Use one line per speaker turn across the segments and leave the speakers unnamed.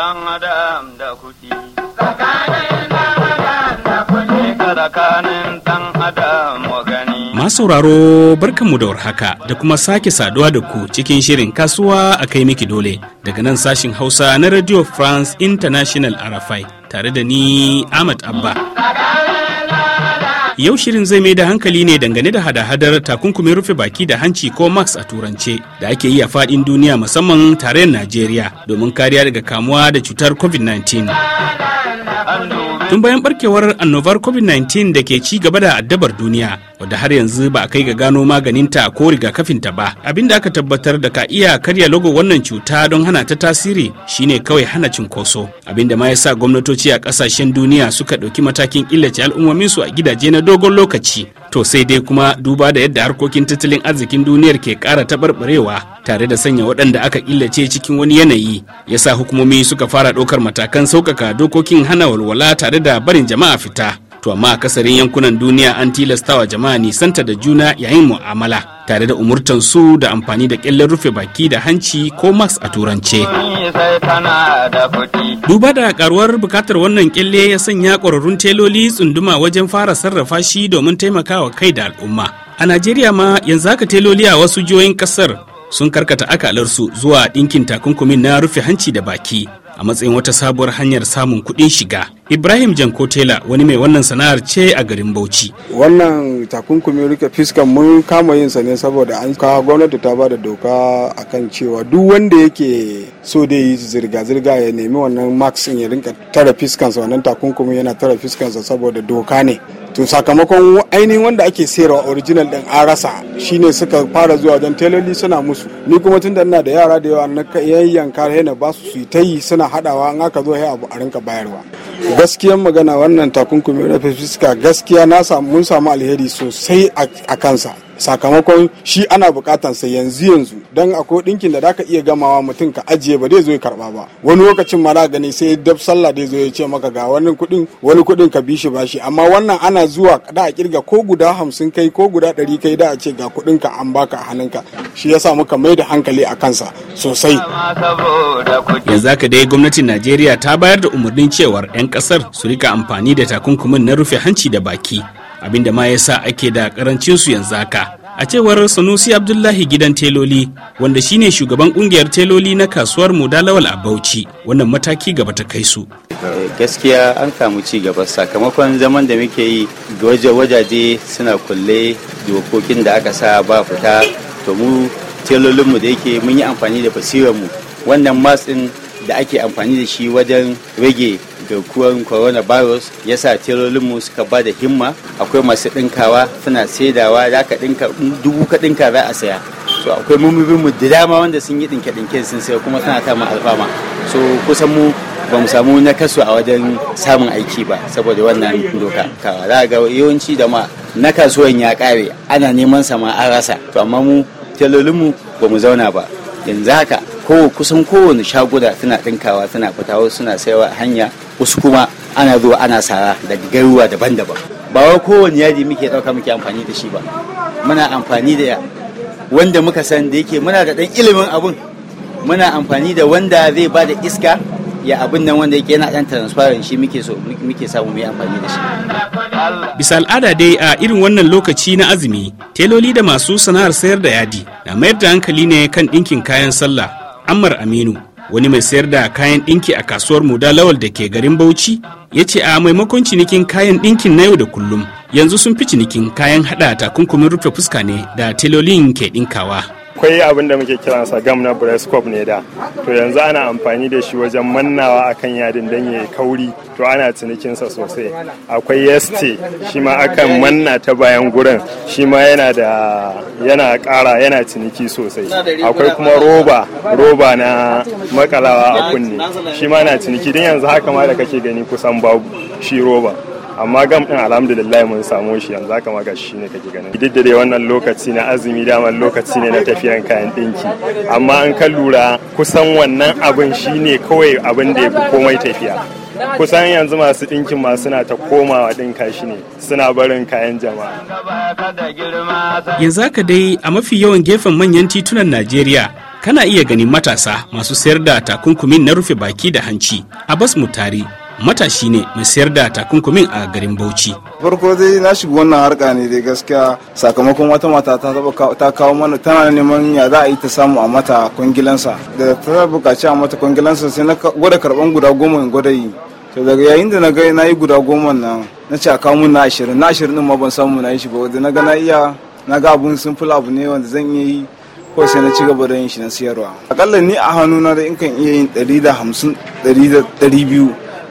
dan adam da kuɗi. sauraro barkanmu da warhaka da kuma sake saduwa da ku cikin shirin kasuwa a kai miki dole daga nan sashin hausa na radio france international arafai tare da ni ahmad abba yau shirin zai mai da hankali ne dangane da hada-hadar takunkumin rufe baki da hanci ko max a turance da ake yi a fadin duniya musamman tarayyar najeriya domin kariya daga kamuwa da cutar covid-19 tun bayan barkewar annobar covid-19 da ke ci gaba da addabar duniya wadda har yanzu ba a kai ga gano maganinta ko rigakafinta ba abin da aka tabbatar da ka iya karya logo wannan cuta don hana ta tasiri shine kawai hana cinkoso abin da ma ya sa gwamnatoci a kasashen duniya suka ɗauki matakin illace killace su a gidaje na dogon lokaci To sai dai kuma duba da yadda harkokin tattalin arzikin duniyar ke ƙara taɓarɓarewa tare da sanya waɗanda aka illace cikin wani yanayi ya sa hukumomi suka fara ɗaukar matakan sauƙaƙa dokokin hana walwala tare da barin jama'a fita. to amma a kasarin yankunan duniya an tilastawa jama'a nisanta da juna yayin mu'amala tare da umurtan su da amfani da kyallen rufe baki da hanci ko max a turance duba da karuwar bukatar wannan kyalle ya sanya ƙwararrun teloli tsunduma wajen fara sarrafa shi domin taimakawa kai da al'umma a najeriya ma yanzu haka teloli a wasu jihohin kasar sun karkata akalarsu zuwa ɗinkin takunkumin na rufe hanci da baki a matsayin wata sabuwar hanyar samun kuɗin shiga ibrahim janko tela wani mai wannan sana'ar ce a garin bauchi
wannan takunkumin rike fiskan mun kama yin sa ne saboda an kawo gwamnati ta ba da doka akan cewa duk wanda yake so da yi zirga-zirga ya nemi wannan max ya rinka tara fiskansa wannan takunkumin yana tara fiskansa saboda doka ne to sakamakon ainihin wanda ake sayarwa original din an rasa shine suka fara zuwa wajen teloli suna musu ni kuma tunda ina da yara da yawa na yayyanka yana ba su su ta yi suna haɗawa in aka zo abu a rinka bayarwa gaskiyan magana wannan takunkumi na fifiska gaskiya mun samu alheri sosai a kansa sakamakon shi ana bukatan sa yanzu yanzu dan akwai dinkin da zaka iya gamawa mutum ka ajiye ba zai zo ya karba ba wani lokacin ma gani sai dab sallah dai zo ya ce maka ga wani kudin wani kudin ka ba shi amma wannan ana zuwa da a kirga ko guda hamsin kai ko guda ɗari kai da a ce ga kudin ka an baka a hannunka shi yasa muka mai da hankali a kansa sosai
yanzu haka dai gwamnatin Najeriya ta bayar da umarnin cewar 'yan kasar su rika amfani da takunkumin na rufe hanci da baki abinda ma yasa ake da karancin su yanzu haka a cewar sanusi abdullahi gidan teloli wanda shine shugaban kungiyar teloli na kasuwar mu mudalawal a bauchi wannan mataki gaba ta kai su
gaskiya an kamu ci gaba sakamakon zaman da muke yi wajaje suna kulle dokokin da aka sa ba fita to mu telolin mu da yake mun yi amfani da basirar mu wannan matsin da ake amfani da shi wajen rage garkuwar corona coronavirus ya sa mu suka ba da himma akwai masu ɗinkawa suna saidawa za ka ɗinka dubu ka ɗinka za a saya so akwai mu da dama wanda sun yi ɗinke-ɗinke sun saya kuma suna ta alfama so kusan mu ba mu samu nakasu a wajen samun aiki ba saboda wannan doka kawa za ga yawanci da ma na kasuwan ya kare ana neman sama an rasa to amma mu telolinmu ba mu zauna ba yanzu haka ko kusan kowane shaguna suna ɗinkawa suna fita wasu suna saiwa hanya wasu kuma ana zuwa ana sara daga garuwa daban-daban ba wai kowane yadi muke ɗauka muke amfani da shi ba muna amfani da wanda muka san da yake muna da ɗan ilimin abun muna amfani da wanda zai ba da iska ya abin nan wanda yake yana dan transparent shi muke so muke samu mai amfani da shi
bisa al'ada dai a irin wannan lokaci na azumi teloli da masu sana'ar sayar da yadi na mayar da hankali ne kan ɗinkin kayan sallah Ammar aminu wani mai sayar da kayan ɗinki a kasuwar mudalawal da ke garin bauchi ya ce a maimakon cinikin kayan ɗinkin na yau da kullum yanzu sun fi cinikin kayan haɗa takunkumin rufe fuska ne da telolin ke ɗinkawa
akwai abin da muke kiransa gamna na ne da to yanzu ana amfani da shi wajen mannawa akan yadin dan yayi kauri to ana cinikinsa sosai akwai yeste shi ma akan manna ta bayan gurin shi ma yana da yana ƙara yana ciniki sosai akwai kuma roba roba na makalawa a kunne shi ma na ciniki don yanzu haka ma da kake gani kusan babu shi roba amma gam din alhamdulillah mun samu shi yanzu haka ma gashi ne kake ganin duk da dai wannan lokaci na azumi daman lokaci ne na tafiyan kayan dinki amma an ka lura kusan wannan abin shine kawai abin da ya komai tafiya kusan yanzu masu ɗinkin ma suna ta komawa din kashi ne suna barin kayan jama'a.
Yanzu haka dai a mafi yawan gefen manyan titunan Najeriya kana iya ganin matasa masu sayar da takunkumin na rufe baki da hanci. a Abbas Mutari matashi ne mai sayar da takunkumin a garin Bauchi.
Farko dai na shiga wannan harka ne dai gaskiya sakamakon wata mata ta ta kawo mana tana neman ya za a yi ta samu a mata kwangilansa. Da ta bukaci a mata kwangilansa sai na gwada karban guda goma in gwada yi. To daga yayin da na ga na yi guda goma nan na ci a kawo mun na ashirin na ashirin din ma ban samu na yi shi ba wanda na ga na iya na ga abun simple abu ne wanda zan iya yi ko sai na ci gaba da yin shi na siyarwa. Akalla ni a hannuna da in kan iya yin ɗari da hamsin ɗari da ɗari biyu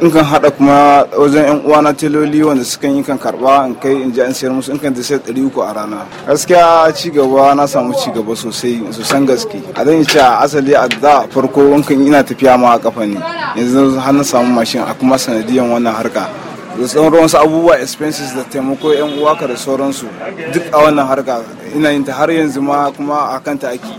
in kan hada kuma wajen yan uwa na teloli wanda suka yi kan karba in kai in ji an sayar musu in kan sai ɗari uku a rana gaskiya ci gaba na samu ci gaba sosai sosan gaske a zan ce asali a da farko in kan ina tafiya ma a kafa ne yanzu har na samu mashin a kuma sanadiyan wannan harka da sauran wasu abubuwa expenses da taimako yan uwa ka da sauransu duk a wannan harka ina yin ta har yanzu ma kuma a kanta ake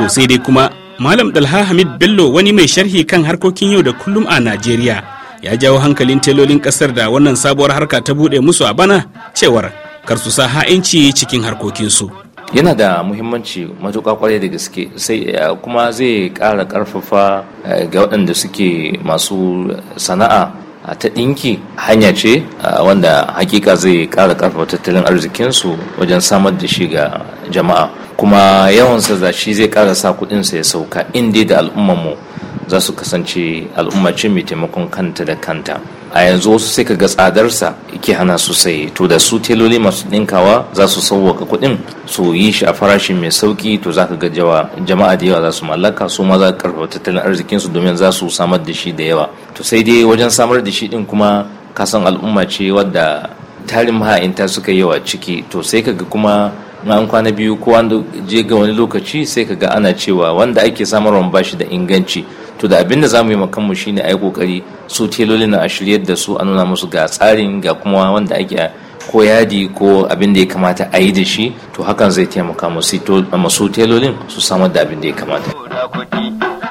to sai dai kuma Malam Dalha Hamid Bello wani mai sharhi kan harkokin yau da kullum a Najeriya ya jawo hankalin telolin kasar da wannan sabuwar harka ta bude musu a bana cewar kar su sa ha'inci cikin harkokinsu.
yana da muhimmanci matuƙa kwarai da gaske sai eh, kuma zai ƙara ƙarfafa eh, ga waɗanda suke masu sana'a ta ɗinki hanya ce wanda hakika zai ƙara ƙarfafa tattalin arzikinsu wajen samar da shi ga jama'a kuma yawan sa shi zai ƙara sa kuɗinsa ya sauka inda da al'ummarmu za su kasance al'umma ce mai taimakon kanta da kanta a yanzu wasu sai kaga tsadarsa ke hana su sai to da su teloli masu ɗinkawa za su sauwaka kuɗin su yi shi a farashi mai sauki to za ka ga jama'a da yawa za su mallaka su ma za ka tattalin arzikinsu domin za su samar da shi da yawa to sai dai wajen samar da shi ɗin kuma kasan al'umma ce wadda tarin maha'inta suka yi yawa ciki to sai kaga kuma na an kwana biyu ko an je ga wani lokaci sai kaga ana cewa wanda ake samarwa ba shi da inganci to da abin da za mu yi makanmu shine a yi kokari su telolin na a shiryar da su a nuna musu ga tsarin ga kuma wanda ake ko yadi ko abin da ya kamata a yi da shi to hakan zai taimaka masu telolin su samar da abin da ya kamata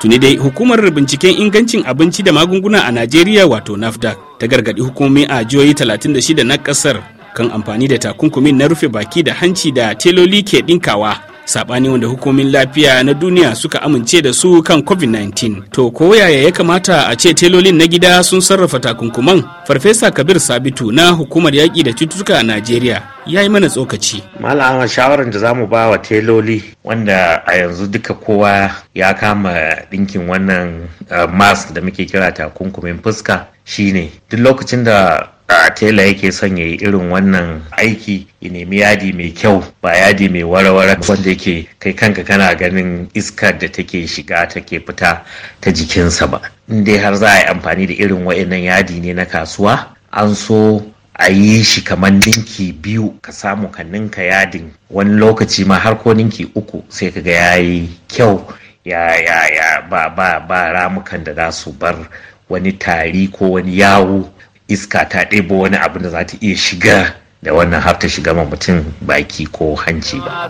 tuni dai hukumar
binciken ingancin abinci da magunguna a najeriya wato nafdac ta gargadi hukumomi a jihohi 36 na kasar kan amfani da takunkumin na rufe baki da hanci da teloli ke ɗinkawa sabani wanda hukumin lafiya na duniya suka amince da su kan covid-19 to ko yaya ya kamata a ce telolin na gida sun sarrafa takunkuman farfesa kabir sabitu na hukumar yaƙi da cututtuka a najeriya ya yi mana tsokaci
malama shawarar da zamu ba wa teloli wanda a yanzu duka kowa ya kama ɗinkin wannan eh, mask da muke kira takunkumin fuska shine duk lokacin da a tela yake son ya irin wannan aiki ya nemi yadi mai kyau ba yadi mai warware wanda yake kai kanka kana ganin iskar da take shiga take fita ta jikinsa ba in dai har za a yi amfani da irin wa'annan yadi ne na kasuwa an so a yi shi kamar ninki biyu ka samu ka ninka yadin wani lokaci ma har ko ninki uku sai ka ga ya yi kyau ya ya ya ba ba ba ramukan da za su bar wani tari ko wani yawo iska ta ɗebo wani abin da za ta iya shiga da wannan har ta shiga ma mutum baki ko hanci ba.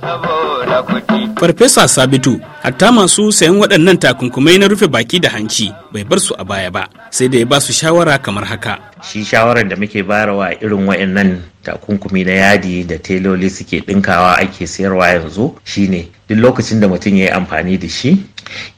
Farfesa Sabitu, hatta masu sayan waɗannan takunkumai na rufe baki da hanci bai bar su a baya ba, sai da ya ba su shawara kamar haka.
Shi shawaran da muke bayarwa irin waɗannan takunkumi na yadi da teloli suke ɗinkawa ake sayarwa yanzu shine duk lokacin da mutum ya yi amfani da shi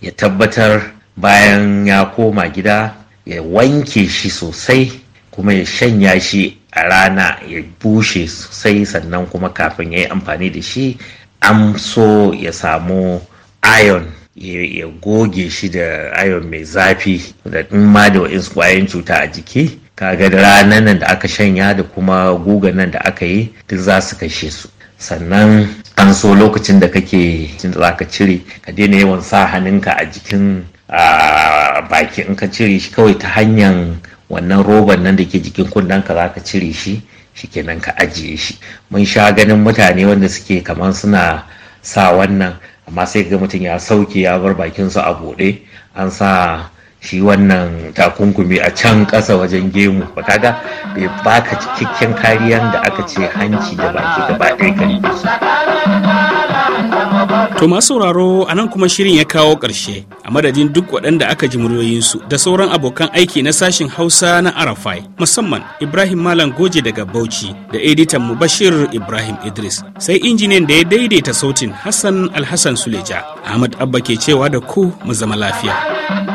ya tabbatar bayan ya koma gida ya wanke shi sosai kuma ya shanya shi a rana ya bushe sosai sannan kuma kafin ya yi amfani da shi an so ya samu iron ya goge shi da iron mai zafi da in ma da waɗansu kwayoyin cuta a jiki kaga da ranar nan da aka shanya da kuma gugan nan da aka yi duk za su kashe su sannan an so lokacin da kake cin da zaka cire ka daina yawan sa hannunka a jikin a baki in ka cire shi kawai ta hanyar wannan roban nan da ke jikin kunnen ka zaka cire shi shikenan ka ajiye shi mun sha ganin mutane wanda suke kamar suna sa wannan amma sai ga mutum ya sauke ya bar bakin su a buɗe an sa shi wannan takunkumi a can ƙasa wajen gemu ba kaga bai baka cikakken kariyan da aka ce hanci da baki gaba ɗaya kan
To masu sauraro a nan kuma shirin ya kawo ƙarshe a madadin duk waɗanda aka ji muryoyinsu da sauran abokan aiki na sashin Hausa na Arafai musamman Ibrahim Malam Goje daga Bauchi da editan mu Bashir Ibrahim Idris sai injiniyan da ya daidaita
sautin Hassan Alhassan Suleja Ahmad Abba ke cewa da ku mu zama lafiya.